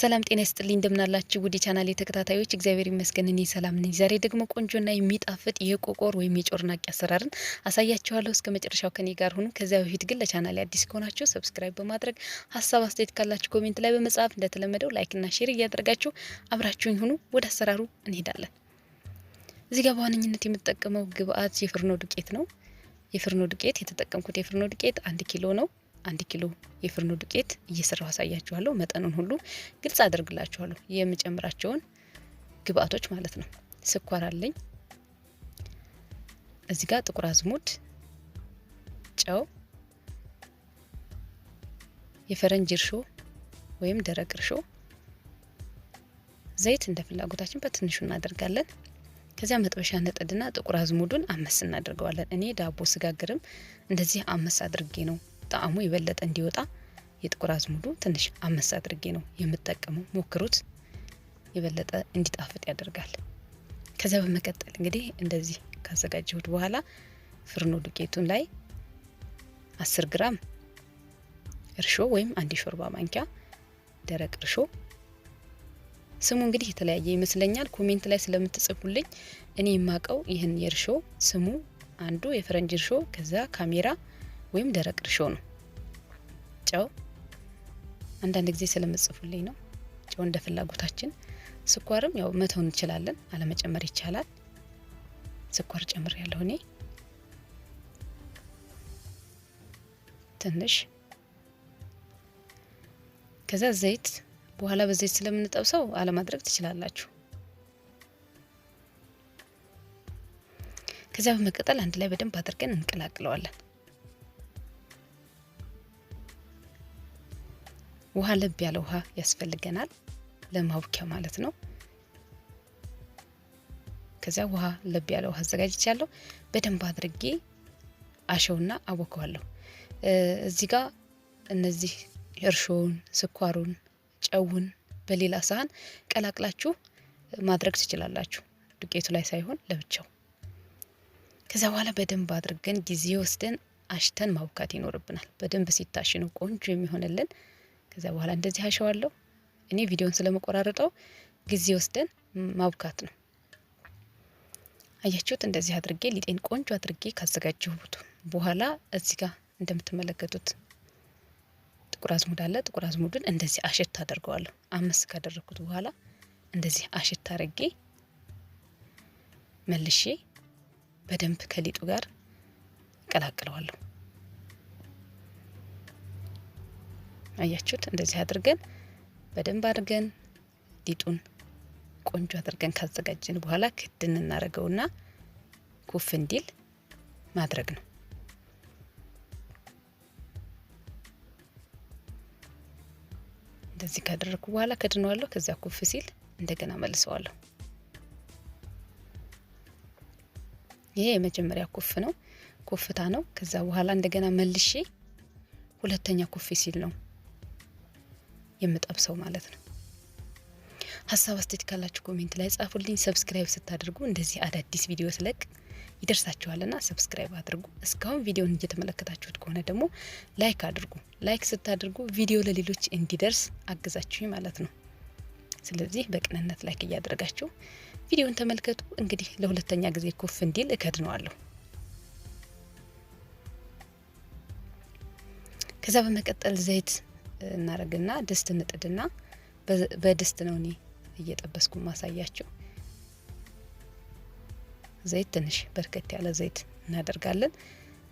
ሰላም ጤና ይስጥልኝ እንደምናላችሁ ውድ ቻናል የተከታታዮች፣ እግዚአብሔር ይመስገን እኔ ሰላም ነኝ። ዛሬ ደግሞ ቆንጆና የሚጣፍጥ የቆቆር ወይም የጮርናቄ አሰራርን አሳያችኋለሁ። እስከ መጨረሻው ከኔ ጋር ሁኑ። ከዚያ በፊት ግን ለቻናል አዲስ ከሆናችሁ ሰብስክራይብ በማድረግ ሀሳብ አስተያየት ካላችሁ ኮሜንት ላይ በመጻፍ እንደተለመደው ላይክና ሼር እያደረጋችሁ አብራችሁኝ ሁኑ። ወደ አሰራሩ እንሄዳለን። እዚህ ጋር በዋነኝነት የምጠቀመው ግብአት የፍርኖ ዱቄት ነው። የፍርኖ ዱቄት የተጠቀምኩት የፍርኖ ዱቄት አንድ ኪሎ ነው። አንድ ኪሎ የፍርኖ ዱቄት እየሰራሁ አሳያችኋለሁ። መጠኑን ሁሉ ግልጽ አደርግላችኋለሁ፣ የምጨምራቸውን ግብአቶች ማለት ነው። ስኳር አለኝ እዚ ጋር ጥቁር አዝሙድ፣ ጨው፣ የፈረንጅ እርሾ ወይም ደረቅ እርሾ፣ ዘይት እንደ ፍላጎታችን በትንሹ እናደርጋለን። ከዚያ መጥበሻ ነጠድና ጥቁር አዝሙዱን አመስ እናደርገዋለን። እኔ ዳቦ ስጋግርም እንደዚህ አመስ አድርጌ ነው ጣዕሙ የበለጠ እንዲወጣ የጥቁር አዝሙዱ ትንሽ አመስ አድርጌ ነው የምጠቀመው። ሞክሩት፣ የበለጠ እንዲጣፍጥ ያደርጋል። ከዚያ በመቀጠል እንግዲህ እንደዚህ ካዘጋጀሁት በኋላ ፍርኖ ዱቄቱን ላይ አስር ግራም እርሾ ወይም አንድ ሾርባ ማንኪያ ደረቅ እርሾ ስሙ እንግዲህ የተለያየ ይመስለኛል። ኮሜንት ላይ ስለምትጽፉልኝ እኔ የማቀው ይህን የእርሾ ስሙ አንዱ የፈረንጅ እርሾ ከዛ ካሜራ ወይም ደረቅ እርሾ ነው። ጨው አንዳንድ ጊዜ ስለምጽፉልኝ ነው። ጨው እንደ ፍላጎታችን። ስኳርም ያው መተው እንችላለን፣ አለመጨመር ይቻላል። ስኳር ጨምር ያለው እኔ ትንሽ። ከዛ ዘይት በኋላ በዘይት ስለምንጠብሰው አለማድረግ ትችላላችሁ። ከዚያ በመቀጠል አንድ ላይ በደንብ አድርገን እንቀላቅለዋለን። ውሃ ለብ ያለ ውሃ ያስፈልገናል ለማቡኪያው ማለት ነው። ከዚያ ውሃ ለብ ያለ ውሃ አዘጋጅቻለሁ። በደንብ አድርጌ አሸውና አቦከዋለሁ። እዚህ ጋር እነዚህ እርሾውን፣ ስኳሩን፣ ጨውን በሌላ ሳህን ቀላቅላችሁ ማድረግ ትችላላችሁ። ዱቄቱ ላይ ሳይሆን ለብቻው። ከዚያ በኋላ በደንብ አድርገን ጊዜ ወስደን አሽተን ማውካት ይኖርብናል። በደንብ ሲታሽ ነው ቆንጆ የሚሆንልን። ከዛ በኋላ እንደዚህ አሸዋለሁ። እኔ ቪዲዮን ስለመቆራረጠው ጊዜ ወስደን ማብካት ነው። አያችሁት? እንደዚህ አድርጌ ሊጤን ቆንጆ አድርጌ ካዘጋጀሁት በኋላ እዚህ ጋር እንደምትመለከቱት ጥቁር አዝሙድ አለ። ጥቁር አዝሙዱን እንደዚህ አሸት አደርገዋለሁ። አምስት ካደረግኩት በኋላ እንደዚህ አሸት አድርጌ መልሼ በደንብ ከሊጡ ጋር እቀላቅለዋለሁ። አያችሁት? እንደዚህ አድርገን በደንብ አድርገን ሊጡን ቆንጆ አድርገን ካዘጋጀን በኋላ ክድን እናደርገውና ኩፍ እንዲል ማድረግ ነው። እንደዚህ ካደረግኩ በኋላ ከድነዋለሁ። ከዚያ ኩፍ ሲል እንደገና መልሰዋለሁ። ይሄ የመጀመሪያ ኩፍ ነው፣ ኩፍታ ነው። ከዛ በኋላ እንደገና መልሼ ሁለተኛ ኩፍ ሲል ነው የምጠብሰው ማለት ነው። ሀሳብ አስተያየት ካላችሁ ኮሜንት ላይ ጻፉልኝ። ሰብስክራይብ ስታደርጉ እንደዚህ አዳዲስ ቪዲዮ ስለቅ ይደርሳችኋልና ሰብስክራይብ አድርጉ። እስካሁን ቪዲዮን እየተመለከታችሁት ከሆነ ደግሞ ላይክ አድርጉ። ላይክ ስታደርጉ ቪዲዮ ለሌሎች እንዲደርስ አግዛችሁኝ ማለት ነው። ስለዚህ በቅንነት ላይክ እያደረጋችሁ ቪዲዮን ተመልከቱ። እንግዲህ ለሁለተኛ ጊዜ ኮፍ እንዲል እከድነዋለሁ። ከዛ በመቀጠል ዘይት እናደርግና ድስት እንጥድና በድስት ነው እኔ እየጠበስኩ ማሳያችሁ። ዘይት ትንሽ በርከት ያለ ዘይት እናደርጋለን።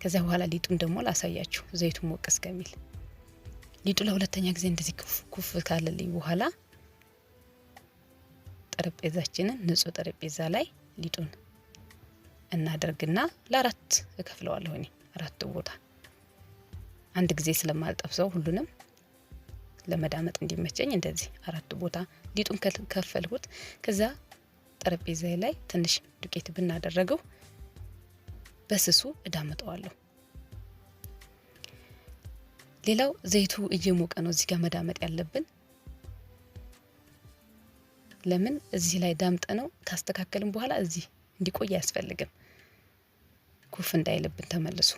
ከዚያ በኋላ ሊጡን ደግሞ ላሳያችሁ፣ ዘይቱ ሞቅ እስከሚል ሊጡ ለሁለተኛ ጊዜ እንደዚህ ኩፍ ካለልኝ በኋላ ጠረጴዛችንን ንጹህ ጠረጴዛ ላይ ሊጡን እናደርግና ለአራት እከፍለዋለሁ። እኔ አራቱ ቦታ አንድ ጊዜ ስለማልጠብሰው ሁሉንም ለመዳመጥ እንዲመቸኝ እንደዚህ አራት ቦታ ሊጡን ከፈልሁት። ከዛ ጠረጴዛ ላይ ትንሽ ዱቄት ብናደረገው በስሱ እዳምጠዋለሁ። ሌላው ዘይቱ እየሞቀ ነው እዚህ ጋር መዳመጥ ያለብን። ለምን እዚህ ላይ ዳምጠ ነው ካስተካከልን በኋላ እዚህ እንዲቆይ አያስፈልግም። ኩፍ እንዳይልብን ተመልሶ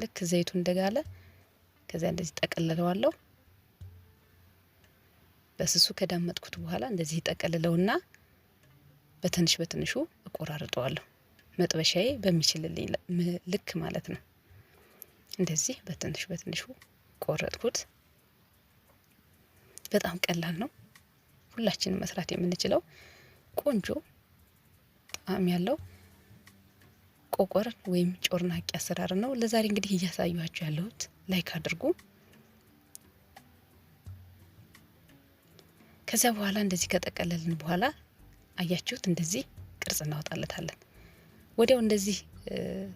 ልክ ዘይቱ እንደጋለ ከዚያ እንደዚህ ጠቀልለዋለሁ። በስሱ ከዳመጥኩት በኋላ እንደዚህ ይጠቀልለውና በትንሽ በትንሹ እቆራርጠዋለሁ። መጥበሻዬ በሚችልልኝ ልክ ማለት ነው። እንደዚህ በትንሽ በትንሹ ቆረጥኩት። በጣም ቀላል ነው። ሁላችንም መስራት የምንችለው ቆንጆ ጣዕም ያለው ቆቆር ወይም ጮርናቄ አሰራር ነው። ለዛሬ እንግዲህ እያሳዩኋችሁ ያለሁት ላይክ አድርጉ። ከዚያ በኋላ እንደዚህ ከጠቀለልን በኋላ አያችሁት፣ እንደዚህ ቅርጽ እናወጣለታለን። ወዲያው እንደዚህ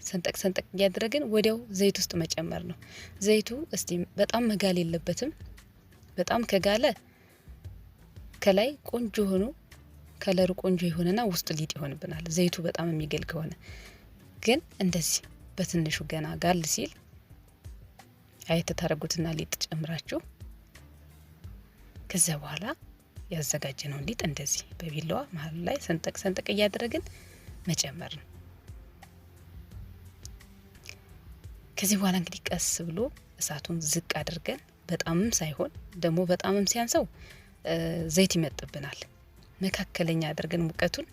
ሰንጠቅ ሰንጠቅ እያደረግን ወዲያው ዘይት ውስጥ መጨመር ነው። ዘይቱ እስቲ በጣም መጋል የለበትም። በጣም ከጋለ ከላይ ቆንጆ ሆኖ ከለሩ ቆንጆ የሆነና ውስጡ ሊጥ ይሆንብናል። ዘይቱ በጣም የሚገል ከሆነ ግን እንደዚህ በትንሹ ገና ጋል ሲል አየት ሊጥ ጨምራችሁ ከዚያ በኋላ ያዘጋጀ ነው ሊጥ እንደዚህ በቢላዋ መሀሉ ላይ ሰንጠቅ ሰንጠቅ እያደረግን መጨመር ነው። ከዚህ በኋላ እንግዲህ ቀስ ብሎ እሳቱን ዝቅ አድርገን በጣምም ሳይሆን ደግሞ በጣምም ሲያንሰው ዘይት ይመጥብናል። መካከለኛ አድርገን ሙቀቱን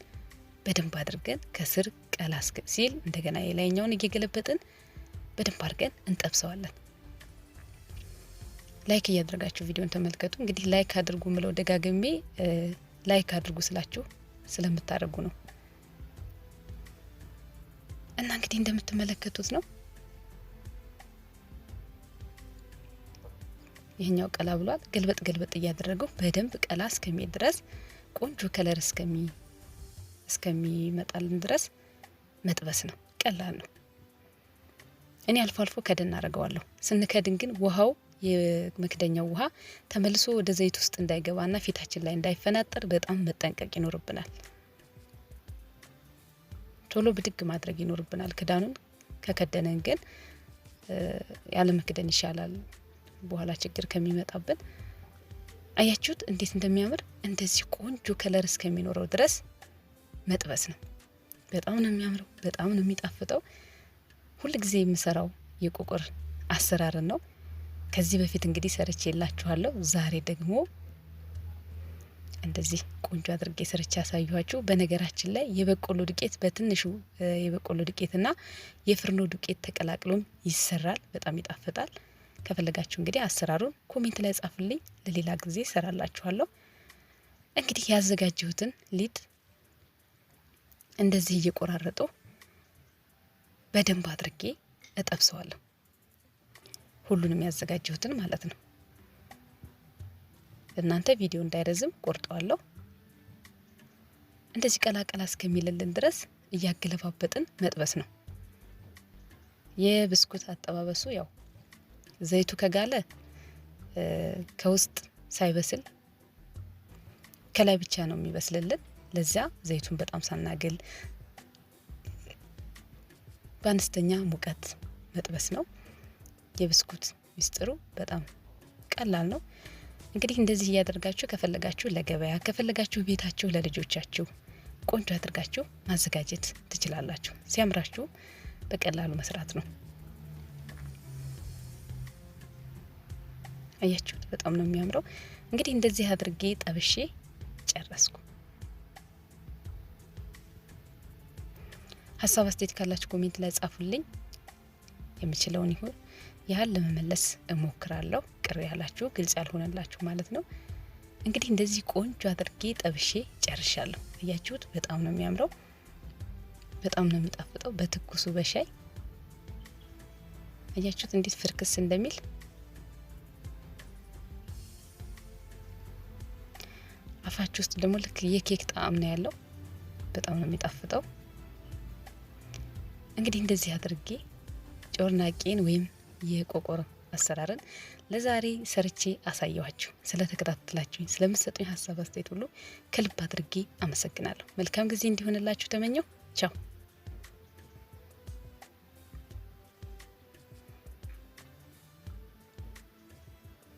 በደንብ አድርገን ከስር ቀላ ሲል እንደገና የላይኛውን እየገለበጥን በደንብ አድርገን እንጠብሰዋለን። ላይክ እያደረጋችሁ ቪዲዮን ተመልከቱ። እንግዲህ ላይክ አድርጉ ምለው ደጋግሜ ላይክ አድርጉ ስላችሁ ስለምታደርጉ ነው። እና እንግዲህ እንደምትመለከቱት ነው ይህኛው ቀላ ብሏል። ገልበጥ ገልበጥ እያደረገው በደንብ ቀላ እስከሚሄድ ድረስ ቆንጆ ከለር እስከሚ እስከሚመጣልን ድረስ መጥበስ ነው። ቀላል ነው። እኔ አልፎ አልፎ ከደን አደርገዋለሁ። ስንከድን ግን ውሃው የመክደኛው ውሃ ተመልሶ ወደ ዘይት ውስጥ እንዳይገባና ፊታችን ላይ እንዳይፈናጠር በጣም መጠንቀቅ ይኖርብናል። ቶሎ ብድግ ማድረግ ይኖርብናል ክዳኑን። ከከደነን ግን ያለ መክደን ይሻላል፣ በኋላ ችግር ከሚመጣብን። አያችሁት እንዴት እንደሚያምር እንደዚህ ቆንጆ ከለር እስከሚኖረው ድረስ መጥበስ ነው። በጣም ነው የሚያምረው፣ በጣም ነው የሚጣፍጠው። ሁልጊዜ የምሰራው የቁቁር አሰራርን ነው። ከዚህ በፊት እንግዲህ ሰርቼ የላችኋለሁ። ዛሬ ደግሞ እንደዚህ ቆንጆ አድርጌ ሰርቼ ያሳየኋችሁ። በነገራችን ላይ የበቆሎ ዱቄት በትንሹ የበቆሎ ዱቄትና የፍርኖ ዱቄት ተቀላቅሎም ይሰራል። በጣም ይጣፍጣል። ከፈለጋችሁ እንግዲህ አሰራሩን ኮሜንት ላይ ጻፉልኝ፣ ለሌላ ጊዜ ሰራላችኋለሁ። እንግዲህ ያዘጋጀሁትን ሊጥ እንደዚህ እየቆራረጡ በደንብ አድርጌ እጠብሰዋለሁ። ሁሉንም ያዘጋጀሁትን ማለት ነው። እናንተ ቪዲዮ እንዳይረዝም ቆርጠዋለሁ። እንደዚህ ቀላቀላ እስከሚልልን ድረስ እያገለባበጥን መጥበስ ነው። የብስኩት አጠባበሱ ያው ዘይቱ ከጋለ ከውስጥ ሳይበስል ከላይ ብቻ ነው የሚበስልልን። ለዚያ ዘይቱን በጣም ሳናግል በአነስተኛ ሙቀት መጥበስ ነው። የብስኩት ሚስጥሩ በጣም ቀላል ነው። እንግዲህ እንደዚህ እያደርጋችሁ ከፈለጋችሁ ለገበያ ከፈለጋችሁ ቤታችሁ ለልጆቻችሁ ቆንጆ አድርጋችሁ ማዘጋጀት ትችላላችሁ። ሲያምራችሁ በቀላሉ መስራት ነው። አያችሁ በጣም ነው የሚያምረው። እንግዲህ እንደዚህ አድርጌ ጠብሼ ጨረስኩ። ሀሳብ አስተያየት ካላችሁ ኮሜንት ላይ ጻፉልኝ። የምችለውን ይሁን ያህል ለመመለስ እሞክራለሁ። ቅር ያላችሁ ግልጽ ያልሆነላችሁ ማለት ነው። እንግዲህ እንደዚህ ቆንጆ አድርጌ ጠብሼ ጨርሻለሁ። እያችሁት በጣም ነው የሚያምረው፣ በጣም ነው የሚጣፍጠው በትኩሱ በሻይ እያችሁት እንዴት ፍርክስ እንደሚል አፋችሁ ውስጥ ደግሞ ልክ የኬክ ጣዕም ነው ያለው። በጣም ነው የሚጣፍጠው። እንግዲህ እንደዚህ አድርጌ ጮርናቄን ወይም የቆቆር አሰራርን ለዛሬ ሰርቼ አሳየኋችሁ። ስለተከታተላችሁኝ፣ ስለምትሰጡኝ ሀሳብ አስተያየት ሁሉ ከልብ አድርጌ አመሰግናለሁ። መልካም ጊዜ እንዲሆንላችሁ ተመኘው። ቻው